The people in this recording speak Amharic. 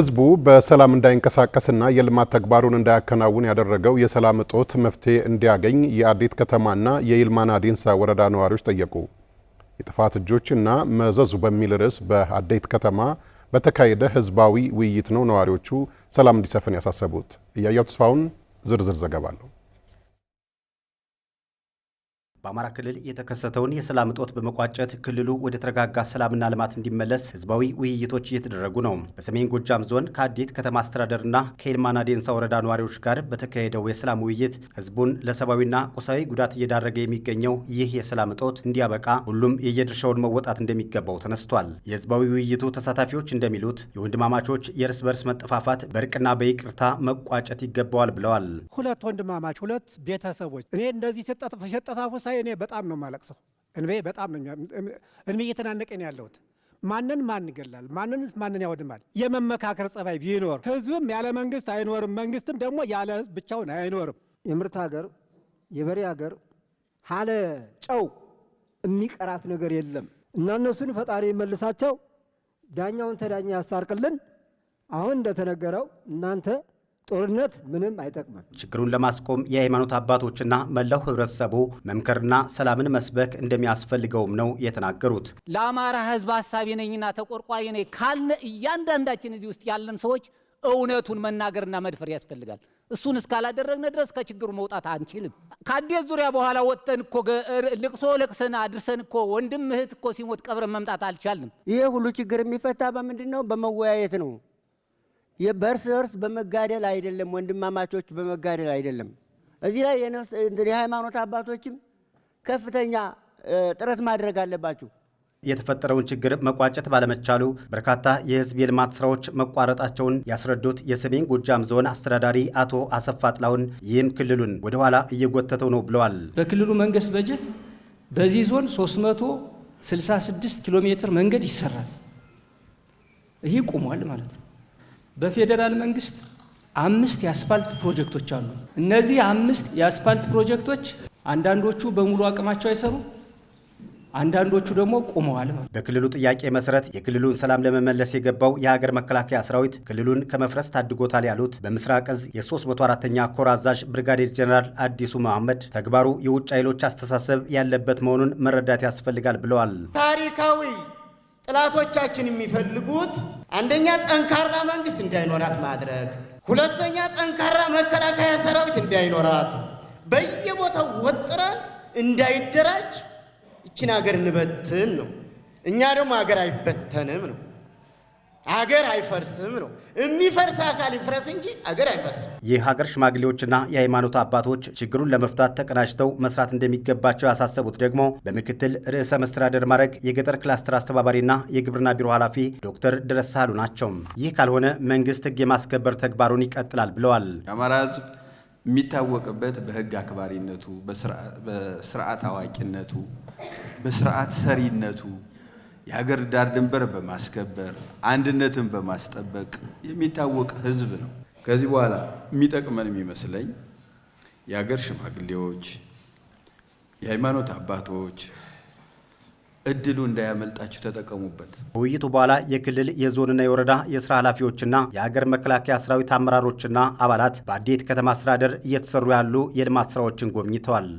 ህዝቡ በሰላም እንዳይንቀሳቀስና የልማት ተግባሩን እንዳያከናውን ያደረገው የሰላም እጦት መፍትሄ እንዲያገኝ የአዴት ከተማና የይልማና ዴንሳ ወረዳ ነዋሪዎች ጠየቁ። የጥፋት እጆችና መዘዙ በሚል ርዕስ በአዴት ከተማ በተካሄደ ህዝባዊ ውይይት ነው ነዋሪዎቹ ሰላም እንዲሰፍን ያሳሰቡት። እያያው ተስፋውን ዝርዝር ዘገባ አለው። በአማራ ክልል የተከሰተውን የሰላም እጦት በመቋጨት ክልሉ ወደ ተረጋጋ ሰላምና ልማት እንዲመለስ ህዝባዊ ውይይቶች እየተደረጉ ነው። በሰሜን ጎጃም ዞን ከአዴት ከተማ አስተዳደርና ከኤልማና ዴንሳ ወረዳ ነዋሪዎች ጋር በተካሄደው የሰላም ውይይት ህዝቡን ለሰብአዊና ቁሳዊ ጉዳት እየዳረገ የሚገኘው ይህ የሰላም እጦት እንዲያበቃ ሁሉም የየድርሻውን መወጣት እንደሚገባው ተነስቷል። የህዝባዊ ውይይቱ ተሳታፊዎች እንደሚሉት የወንድማማቾች የእርስ በርስ መጠፋፋት በእርቅና በይቅርታ መቋጨት ይገባዋል ብለዋል። ሁለት ወንድማማች ሁለት ቤተሰቦች እኔ እንደዚህ ሳይ እኔ በጣም ነው የማለቅሰው። እንቤ በጣም እንቤ እየተናነቀ ነው ያለሁት። ማንን ማን ይገላል? ማንን ማንን ያወድማል? የመመካከር ጸባይ ቢኖር ህዝብም ያለ መንግስት አይኖርም፣ መንግስትም ደግሞ ያለ ህዝብ ብቻውን አይኖርም። የምርት ሀገር፣ የበሬ ሀገር ሀለ ጨው የሚቀራት ነገር የለም እና እነሱን ፈጣሪ መልሳቸው ዳኛውን ተዳኛ ያስታርቅልን። አሁን እንደተነገረው እናንተ ጦርነት ምንም አይጠቅምም። ችግሩን ለማስቆም የሃይማኖት አባቶችና መላው ህብረተሰቡ መምከርና ሰላምን መስበክ እንደሚያስፈልገውም ነው የተናገሩት። ለአማራ ህዝብ ሀሳቢ ነኝና ተቆርቋሪ ነኝ ካልነ እያንዳንዳችን እዚህ ውስጥ ያለን ሰዎች እውነቱን መናገርና መድፈር ያስፈልጋል። እሱን እስካላደረግነ ድረስ ከችግሩ መውጣት አንችልም። ከአዴት ዙሪያ በኋላ ወጥተን እኮ ልቅሶ ለቅሰን አድርሰን እኮ ወንድም እህት እኮ ሲሞት ቀብረን መምጣት አልቻልንም። ይሄ ሁሉ ችግር የሚፈታ በምንድን ነው? በመወያየት ነው። በእርስ በርስ በመጋደል አይደለም፣ ወንድማማቾች በመጋደል አይደለም። እዚህ ላይ የሃይማኖት አባቶችም ከፍተኛ ጥረት ማድረግ አለባቸው። የተፈጠረውን ችግር መቋጨት ባለመቻሉ በርካታ የህዝብ የልማት ስራዎች መቋረጣቸውን ያስረዱት የሰሜን ጎጃም ዞን አስተዳዳሪ አቶ አሰፋ ጥላውን ይህም ክልሉን ወደኋላ እየጎተተው ነው ብለዋል። በክልሉ መንግስት በጀት በዚህ ዞን 366 ኪሎ ሜትር መንገድ ይሰራል። ይህ ቁሟል ማለት ነው። በፌዴራል መንግስት አምስት የአስፋልት ፕሮጀክቶች አሉ። እነዚህ አምስት የአስፋልት ፕሮጀክቶች አንዳንዶቹ በሙሉ አቅማቸው አይሰሩ አንዳንዶቹ ደግሞ ቆመዋል። በክልሉ ጥያቄ መሰረት የክልሉን ሰላም ለመመለስ የገባው የሀገር መከላከያ ሰራዊት ክልሉን ከመፍረስ ታድጎታል ያሉት በምስራቅ እዝ የ 34 ኛ ኮር አዛዥ ብርጋዴር ጀኔራል አዲሱ መሐመድ ተግባሩ የውጭ ኃይሎች አስተሳሰብ ያለበት መሆኑን መረዳት ያስፈልጋል ብለዋል። ታሪካዊ ጥላቶቻችን የሚፈልጉት አንደኛ ጠንካራ መንግስት እንዳይኖራት ማድረግ፣ ሁለተኛ ጠንካራ መከላከያ ሰራዊት እንዳይኖራት፣ በየቦታው ወጥረን እንዳይደራጅ እችን ሀገር እንበትን ነው። እኛ ደግሞ ሀገር አይበተንም ነው። አገር አይፈርስም ነው። የሚፈርስ አካል ይፍረስ እንጂ አገር አይፈርስም። የሀገር ሽማግሌዎችና የሃይማኖት አባቶች ችግሩን ለመፍታት ተቀናጅተው መስራት እንደሚገባቸው ያሳሰቡት ደግሞ በምክትል ርዕሰ መስተዳደር ማድረግ የገጠር ክላስተር አስተባባሪና የግብርና ቢሮ ኃላፊ ዶክተር ድረሳሉ ናቸው። ይህ ካልሆነ መንግስት ህግ የማስከበር ተግባሩን ይቀጥላል ብለዋል። የአማራ ህዝብ የሚታወቅበት በህግ አክባሪነቱ፣ በስርዓት አዋቂነቱ፣ በስርዓት ሰሪነቱ የሀገር ዳር ድንበር በማስከበር አንድነትን በማስጠበቅ የሚታወቅ ህዝብ ነው። ከዚህ በኋላ የሚጠቅመን የሚመስለኝ የሀገር ሽማግሌዎች፣ የሃይማኖት አባቶች እድሉ እንዳያመልጣችሁ ተጠቀሙበት። ውይይቱ በኋላ የክልል የዞንና የወረዳ የስራ ኃላፊዎችና የሀገር መከላከያ ሰራዊት አመራሮችና አባላት በአዴት ከተማ አስተዳደር እየተሰሩ ያሉ የልማት ስራዎችን ጎብኝተዋል።